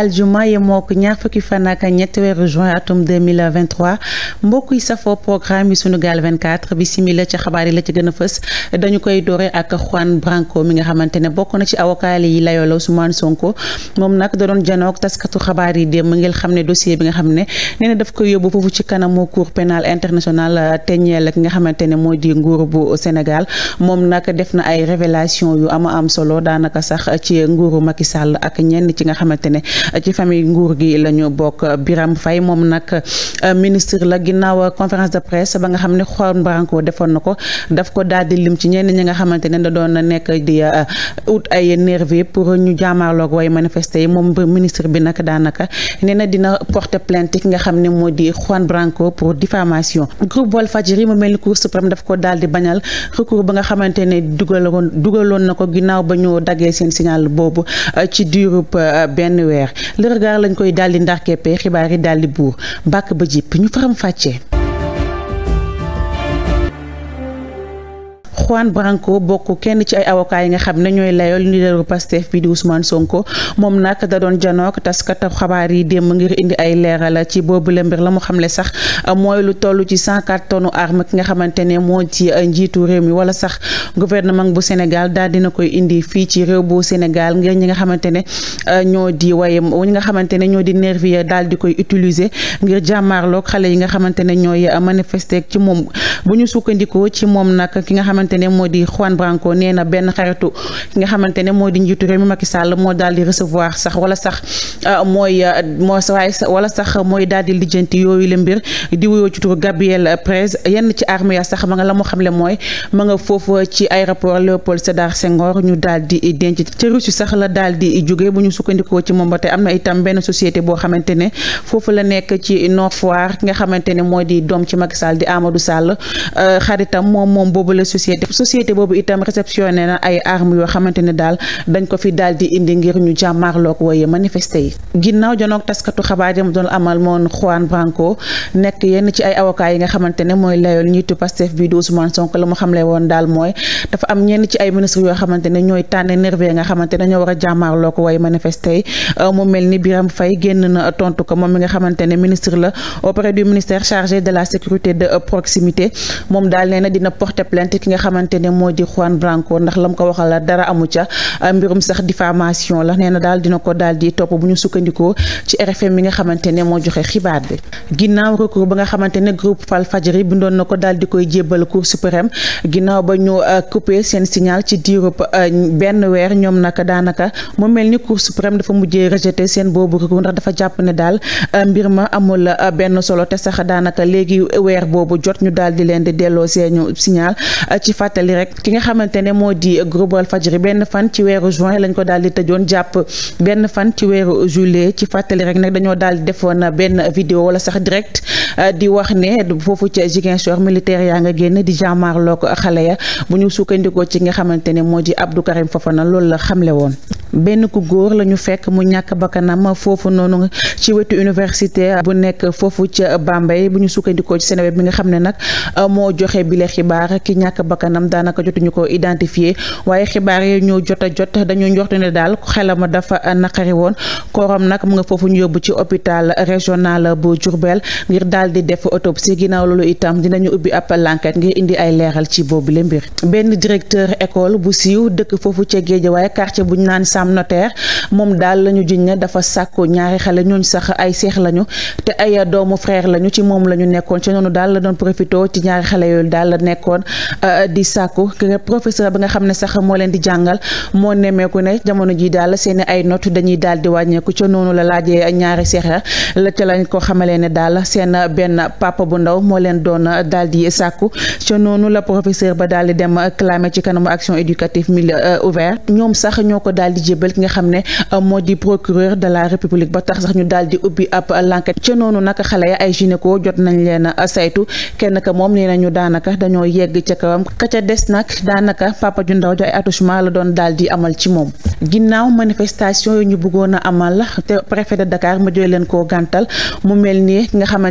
aljuma yemoo ko ñaar fukki fan ak ñetti weeru juin atum 2023 mbokk yi safoo programme yi Sunugal 24 bi simila ci xabaar yi la ci gën a fës dañu koy doore ak Juan Branco mi nga xamante ne bokk na ci avocat yi layola Ousmane Sonko moom nag da doon janoog taskatu xabaar yi démb ngir xam ne dossier bi nga xam ne nee na koy yóbbu foofu ci kanamu cour pénal international teñeel ki nga xamante ne moo di nguur bu Sénégal moom nag def na ay révélation yu ama am solo daanaka sax ci nguuru Macky Sall ak ñenn ci nga xamante ne ci famille nguur gi la ñu bokk biram fay moom nag euh, ministre la ginnaaw conférence de presse ba nga xam ne Juan Branco defoon na ko daf ko daal di lim ci ñenn ñi nga xamante ne da doon nekk di euh, ut ay nervi pour ñu jaamaarloog way manifesté yi moom ministre bi nag daanaka nee na dina porter plantique ki nga xam ne moo di Juan Branco pour diffamation groupe Walfadjri mu mel ni Cour suprême daf ko daal di bañal recours ba nga xamante ne dugaloon dugaloon na ko ginnaaw ba ñu daggee seen signal boobu euh, ci diirub benn weer le regard lañ koy daldi ndax keppee xibaar yi daal di buur bàkk ba jipp ñu faram fàccee. Juan Branco bokk kenn ci ay yi nga xam ne ñooy layool leaderu moom nag da doon janook taskatu xabaar yi démb ngir indi ay leeral ci boobu la mbir la mu xam le sax mooy lu toll ci 104 tonnes arme ki nga xamante ne moo ci euh, njiitu réew mi wala sax gouvernement bu Sénégal daal dina koy indi fii ci réew bu Sénégal ngir ñi nga xamante ne euh, ñoo di waye ñi nga xamante ne ñoo di nervi daal di koy utiliser ngir jàmmaarloog xale yi nga xamante ne ñooy manifester ci moom bu sukkandikoo ci moom nag ki nga xamante xamante ne moo di Juan Branco nee na benn xaritu nga xamante ne moo di njiitu réew mi Macky Sall moo daal di recevoir sax wala sax euh, mooy euh, moo waaye wala sax mooy daal di lijjanti yooyu la mbir di wuyoo ci turu Gabriel Prez yenn ci armée ya sax ma nga la mu xam le mooy ma nga foofu ci aéroport Léopold Sédar Senghor ñu daal di denc ca Russie sax la daal di jóge bu ñu sukkandikoo ci moom am na itam benn société boo xamante ne foofu la nekk ci Nord Foire ki nga xamante ne moo di doom ci Macky Sall di Amadou Sall euh, xaritam moom boobu la société société société boobu itam réceptionné na ay armes yoo xamante daal dañ ko fi daal di indi ngir ñu jàmmaarloog wooye manifesté yi ginnaaw janoog taskatu xabaar yi doon amal moon Juan Branco nekk yenn ci ay avocat yi nga xamante mooy layool njiitu Pastef bi di Ousmane la mu xamle woon daal mooy dafa am ñenn ci ay ministre yoo xamante ñooy tànn nerveux nga xamante ñoo war a jàmmaarloo manifesté euh, mu mel ni Biram Faye génn na tontu ko moom mi la auprès xamante ne moo di Juan Branco ndax ko waxal la dara amu euh, mbirum sax diffamation la nee na daal dina ko daal di topp bu ñu sukkandikoo ci RFM bi nga xamante ne moo joxe xibaar bi ginnaaw recours ba nga xamante ne groupe Walfadjri bindoon na ko daal di koy jébbal Cour suprême ginnaaw ba ñu euh, coupé seen signal ci diirub euh, benn weer ñoom naka daanaka moo mel ni Cour suprême dafa mujjee rejeté seen boobu recours ndax dafa jàpp ne daal mbir ma amul benn solo te sax daanaka léegi weer boobu jot ñu daal di leen di delloo seenu signal fàttali rek ki nga xamante ne moo di groupe Walfadjri benn fan ci weeru juin lañ ko daal di tëjoon jàpp benn fan ci weeru juillet ci fàttali rek nag dañoo daal di defoon benn vidéo wala sax direct Euh, di wax ne foofu ca Ziguinchor militaire yaa nga génn di jàmmaarloog xale ya bu ñu sukkandikoo ci nga xamante ne moo di Abdou Karim Fofana loolu la xamle woon. benn ku góor la ñu fekk mu ñàkk bakkanam foofu noonu ci wetu université bu nekk foofu ca Bambey bu ñu sukkandikoo ci Seneweb bi nga xam ne nag euh, moo joxe bile xibaar ki ñàkk bakkanam daanaka jotuñu ko identifié waaye xibaar yi ñoo jot a jot dañoo njortu ne daal xelam dafa naqari woon kooram nag mu nga foofu ñu yóbbu ci hôpital régional bu Diourbel daal di def autopsie ginnaaw loolu itam dinañu ubbi ab l'enquête ngir indi ay leeral ci boobu le mbir benn directeur école bu siiw dëkk foofu ca Géejawaay quartier buñ naan Sam Notaire moom daal la ñu jiñ ne dafa sàkku ñaari xale ñooñ sax ay seex lañu te ay doomu frère lañu ci moom la ñu nekkoon ci noonu daal la doon profité ci ñaari xale yooyu daal la nekkoon euh, di sàkku professeur bi nga xam ne sax moo leen di jàngal moo nemmeeku ne jamono ji daal seeni ay notes dañuy daal wàññeeku ca noonu la laajee ñaari seex la benn papa bu ndaw moo leen doon daal di sàkku ca noonu la professeur ba daal di dem clamé ci kanamu action éducative milieu ouvert ñoom sax ñoo ko daal di jébal ki nga xam ne euh, moo di procureur de république ba tax sax ñu daal di ubbi ab l'enquête ca noonu nag xale ya ay gynéco jot nañ leen saytu kenn ka moom nee nañu daanaka dañoo yegg ca kawam ka ca des nag daanaka papa ju ndaw ju ay attouchement la doon daal di amal ci moom ginnaaw manifestation yu ñu bëggoon a amal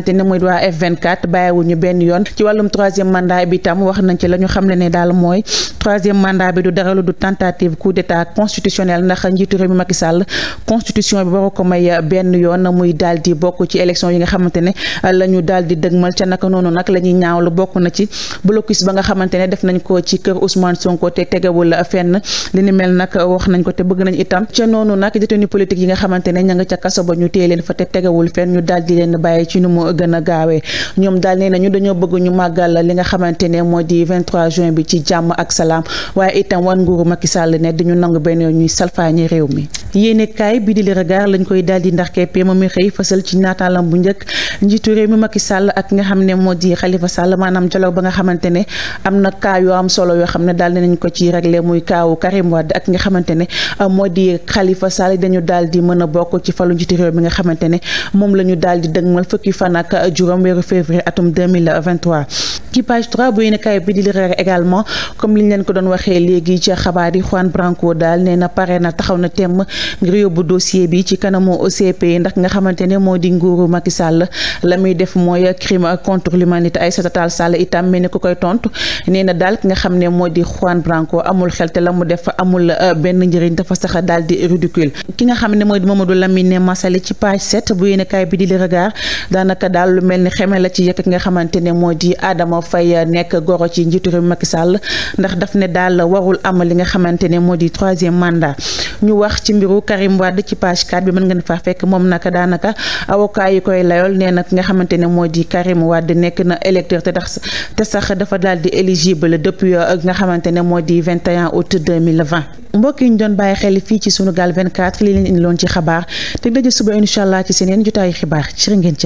te mooy waa F24 bàyyiwuñu benn yoon ci wàllum troisième mandat bi tam wax nañ ci la ñu xam daal mooy troisième mandat bi du dara lu du tentative coup d'état constitutionnel ndax njiitu réew mi Macky Sall constitution bi waru may benn yoon muy daal bokk ci élection yi nga xamante ne la ñu daal di dëgmal ca naka noonu nag la ñuy lu bokk na ci blocus ba nga xamante ne def nañ ko ci kër Ousmane Sonko te tegewul fenn li mel nag wax ko te bëgg nañ itam ca noonu ne a gaawee ñoom daal nee nañu dañoo bëgg ñu màggal li nga xamante ne moo di 23 juin bi ci jàmm ak salaam waaye itam wan nguuru Macky Sall ne dañu nangu benn yoon ñuy salfaañi réew mi. yéenekaay bi di Le Regard lañ koy daal di ndax keppe moom mi xëy fasal ci naataalam bu njëkk njiitu réew mi Macky Sall ak nga xam ne moo di Khalifa Sall maanaam dialogue ba nga xamante ne am na kaa yoo am solo yoo xam ne daal dinañ ko ci réglé muy kaawu Karim Wade ak nga xamante ne ah, moo di Khalifa Sall dañu daal di mën a bokk ci falu njiitu réew mi nga xamante ne moom la ñu fukki fan juróom weeru février atum 2023 ci page 3 bu yéen kaay bi di lire également comme liñ leen ko doon waxee léegi ci xabaar yi Juan Branco daal nee na pare na taxaw na temm ngir yóbbu dossier bi ci kanamu OCP ndax nga xamante ne moo di nguuru Macky Sall la muy def mooy crime contre l'humanité Aïssata Tall Sall itam mel ni ku koy tontu nee na daal ki nga xam ne moo di Juan Branco amul xel la mu def amul euh, benn njëriñ dafa sax daal di ki nga xam ne mooy di Mamadou Lamine Massaly ci page 7 bu yéen kaay bi di lire daanaka daal lu mel ni xeme la ci yekk nga xamante ne moo di Adama moo fay euh, nekk goro ci njiitu réew Macky Sall ndax daf ne daal warul am nga xamante ne moo di troisième mandat ñu wax ci mbiru Karim Wade ci page 4 bi mën ngeen faa fekk moom naka daanaka avocat koy layool nee nag nga xamante ne moo di Karim Wade nekk na électeur te tax te sax dafa daal di éligible depuis euh, nga xamante ne moo di 21 août 2020 ñu doon bàyyi xel fii ci Sunugal 24 li leen indiloon ci xabaar te daje suba incha ci seen yeneen